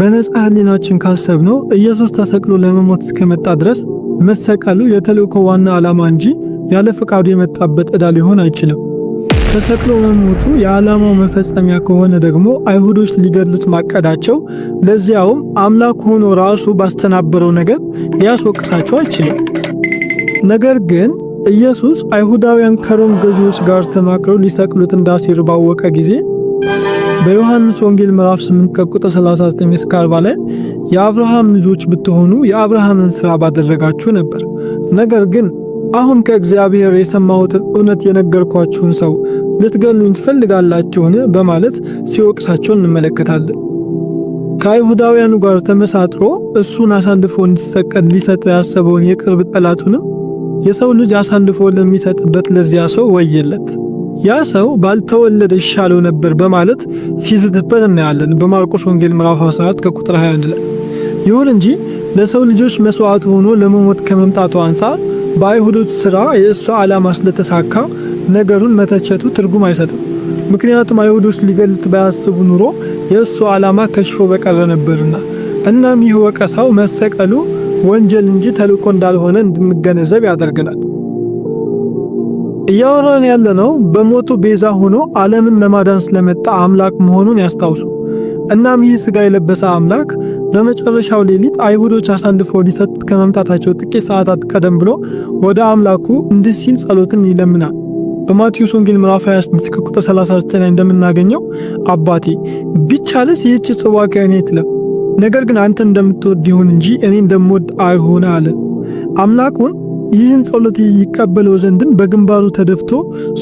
በነፃ ህሊናችን ካሰብነው ኢየሱስ ተሰቅሎ ለመሞት እስከመጣ ድረስ መሰቀሉ የተልእኮ ዋና ዓላማ እንጂ ያለ ፈቃዱ የመጣበት ዕዳ ሊሆን አይችልም። ተሰቅሎ መሞቱ የዓላማው መፈጸሚያ ከሆነ ደግሞ አይሁዶች ሊገድሉት ማቀዳቸው፣ ለዚያውም አምላክ ሆኖ ራሱ ባስተናበረው ነገር ሊያስወቅሳቸው አይችልም። ነገር ግን ኢየሱስ አይሁዳውያን ከሮም ገዢዎች ጋር ተማክረው ሊሰቅሉት እንዳሴሩ ባወቀ ጊዜ በዮሐንስ ወንጌል ምዕራፍ 8 ከቁጥር 39 እስከ 40 ላይ የአብርሃም ልጆች ብትሆኑ የአብርሃምን ሥራ ባደረጋችሁ ነበር። ነገር ግን አሁን ከእግዚአብሔር የሰማሁትን እውነት የነገርኳችሁን ሰው ልትገሉኝ ትፈልጋላችሁን? በማለት ሲወቅሳቸው እንመለከታለን። ከአይሁዳውያኑ ጋር ተመሳጥሮ እሱን አሳልፎ እንዲሰቀል ሊሰጥ ያሰበውን የቅርብ ጠላቱንም የሰው ልጅ አሳልፎ ለሚሰጥበት ለዚያ ሰው ወየለት። ያ ሰው ባልተወለደ ይሻለው ነበር በማለት ሲዝትበት እናያለን በማርቆስ ወንጌል ምዕራፍ 14 ከቁጥር 21 ላይ። ይሁን እንጂ ለሰው ልጆች መስዋዕት ሆኖ ለመሞት ከመምጣቱ አንጻር በአይሁዶች ስራ የእሱ ዓላማ ስለተሳካ ነገሩን መተቸቱ ትርጉም አይሰጥም። ምክንያቱም አይሁዶች ሊገሉት ባያስቡ ኑሮ የእሱ ዓላማ ከሽፎ በቀረ ነበርና። እናም ይህ ወቀሳው መሰቀሉ ወንጀል እንጂ ተልእኮ እንዳልሆነ እንድንገነዘብ ያደርገናል። እያወራን ያለነው በሞቱ ቤዛ ሆኖ ዓለምን ለማዳን ስለመጣ አምላክ መሆኑን ያስታውሱ። እናም ይህ ሥጋ የለበሰ አምላክ በመጨረሻው ሌሊት አይሁዶች አሳልፈው ሊሰጡት ከመምጣታቸው ጥቂት ሰዓታት ቀደም ብሎ ወደ አምላኩ እንዲህ ሲል ጸሎትን ይለምናል። በማቴዎስ ወንጌል ምዕራፍ 26 ቁጥር 39 ላይ እንደምናገኘው አባቴ ቢቻልስ ይህች ጽዋ ከእኔ ትለፍ፣ ነገር ግን አንተ እንደምትወድ ይሁን እንጂ እኔ እንደምወድ አይሁን አለ። አምላኩን ይህን ጸሎት ይቀበለው ዘንድም በግንባሩ ተደፍቶ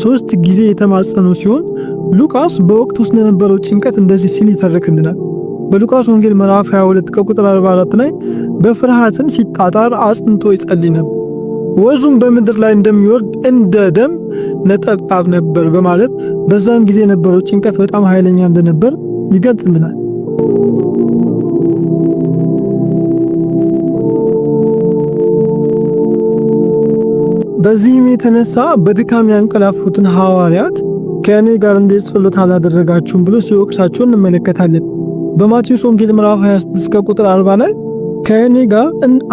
ሶስት ጊዜ የተማጸነው ሲሆን ሉቃስ በወቅቱ ለነበረው ጭንቀት እንደዚህ ሲል ይተርክልናል። በሉቃስ ወንጌል ምዕራፍ 22 ከቁጥር 44 ላይ በፍርሃትም ሲጣጣር አጽንቶ ይጸልይ ነበር፣ ወዙም በምድር ላይ እንደሚወርድ እንደ ደም ነጠብጣብ ነበር በማለት በዛን ጊዜ የነበረው ጭንቀት በጣም ኃይለኛ እንደነበር ይገልጽልናል። በዚህም የተነሳ በድካም ያንቀላፉትን ሐዋርያት ከእኔ ጋር እንዴት ጸሎት አላደረጋችሁም ብሎ ሲወቅሳቸው እንመለከታለን። በማቴዎስ ወንጌል ምዕራፍ 26 ከቁጥር 40 ላይ ከእኔ ጋር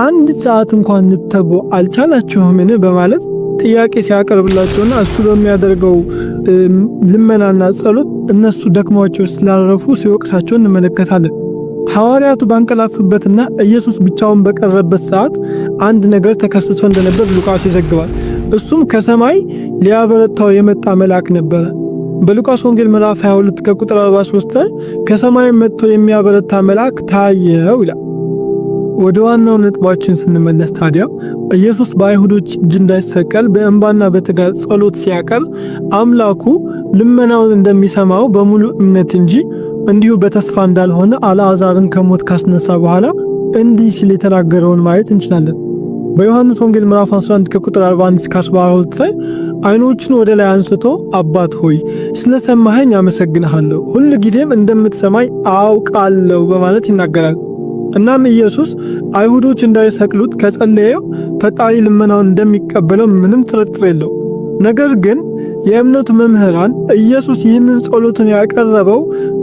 አንድ ሰዓት እንኳን ልትተጉ አልቻላችሁምን በማለት ጥያቄ ሲያቀርብላቸውና እሱ በሚያደርገው ልመናና ጸሎት እነሱ ደክሟቸው ስላረፉ ሲወቅሳቸው እንመለከታለን። ሐዋርያቱ ባንቀላፉበትና ኢየሱስ ብቻውን በቀረበት ሰዓት አንድ ነገር ተከስቶ እንደነበር ሉቃስ ይዘግባል። እሱም ከሰማይ ሊያበረታው የመጣ መልአክ ነበረ። በሉቃስ ወንጌል ምዕራፍ 22 ከቁጥር 43 ከሰማይ መጥቶ የሚያበረታ መልአክ ታየው ይላል። ወደ ዋናው ነጥባችን ስንመለስ ታዲያ ኢየሱስ በአይሁዶች እጅ እንዳይሰቀል በእንባና በትጋት ጸሎት ሲያቀርብ አምላኩ ልመናውን እንደሚሰማው በሙሉ እምነት እንጂ እንዲሁ በተስፋ እንዳልሆነ አልዓዛርን ከሞት ካስነሳ በኋላ እንዲህ ሲል የተናገረውን ማየት እንችላለን። በዮሐንስ ወንጌል ምዕራፍ 11 ከቁጥር 41 እስከ 42 ላይ አይኖቹን ወደ ላይ አንስቶ አባት ሆይ ስለሰማኸኝ አመሰግንሃለሁ፣ ሁል ጊዜም እንደምትሰማኝ አውቃለሁ በማለት ይናገራል። እናም ኢየሱስ አይሁዶች እንዳይሰቅሉት ከጸለየው ፈጣሪ ልመናውን እንደሚቀበለው ምንም ጥርጥር የለው። ነገር ግን የእምነቱ መምህራን ኢየሱስ ይህንን ጸሎትን ያቀረበው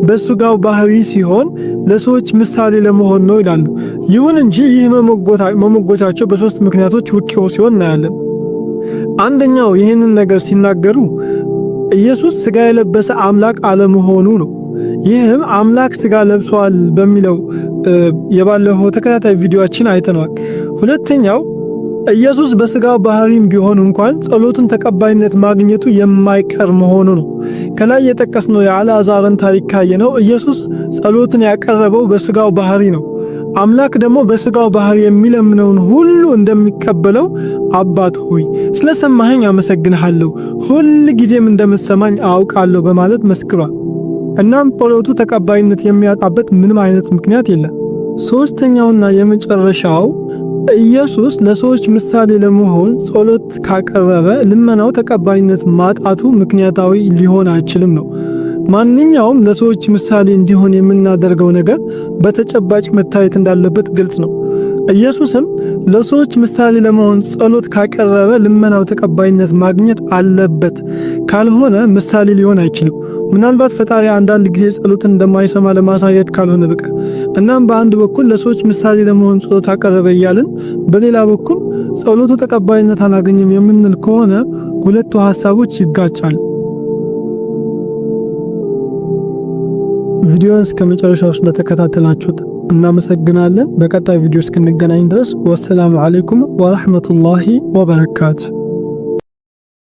በሥጋው ባህሪ ሲሆን ለሰዎች ምሳሌ ለመሆን ነው ይላሉ። ይሁን እንጂ ይህ መሞገታቸው በሦስት ምክንያቶች ውኪው ሲሆን እናያለን። አንደኛው ይህንን ነገር ሲናገሩ ኢየሱስ ሥጋ የለበሰ አምላክ አለመሆኑ ነው። ይህም አምላክ ሥጋ ለብሷል በሚለው የባለፈው ተከታታይ ቪዲዮአችን አይተነዋል። ሁለተኛው ኢየሱስ በሥጋ ባህሪም ቢሆን እንኳን ጸሎትን ተቀባይነት ማግኘቱ የማይቀር መሆኑ ነው። ከላይ የጠቀስነው የአልዓዛርን ታሪክ ካየነው ኢየሱስ ጸሎትን ያቀረበው በሥጋው ባህሪ ነው። አምላክ ደግሞ በሥጋው ባህሪ የሚለምነውን ሁሉ እንደሚቀበለው አባት ሆይ ሰማኸኝ አመሰግንሃለሁ፣ ሁል ጊዜም እንደምትሰማኝ አውቃለሁ በማለት መስክሯል። እናም ጸሎቱ ተቀባይነት የሚያጣበት ምንም አይነት ምክንያት የለም። ሦስተኛውና የመጨረሻው ኢየሱስ ለሰዎች ምሳሌ ለመሆን ጸሎት ካቀረበ ልመናው ተቀባይነት ማጣቱ ምክንያታዊ ሊሆን አይችልም ነው። ማንኛውም ለሰዎች ምሳሌ እንዲሆን የምናደርገው ነገር በተጨባጭ መታየት እንዳለበት ግልጽ ነው። ኢየሱስም ለሰዎች ምሳሌ ለመሆን ጸሎት ካቀረበ ልመናው ተቀባይነት ማግኘት አለበት፣ ካልሆነ ምሳሌ ሊሆን አይችልም። ምናልባት ፈጣሪ አንዳንድ ጊዜ ጸሎትን እንደማይሰማ ለማሳየት ካልሆነ በቀር። እናም በአንድ በኩል ለሰዎች ምሳሌ ለመሆን ጸሎት አቀረበ እያልን፣ በሌላ በኩል ጸሎቱ ተቀባይነት አላገኘም የምንል ከሆነ ሁለቱ ሀሳቦች ይጋጫሉ። ቪዲዮን እስከ መጨረሻው ስለተከታተላችሁት እናመሰግናለን። በቀጣይ ቪዲዮ እስክንገናኝ ድረስ ወሰላሙ አለይኩም ወረህመቱላሂ ወበረካቱ።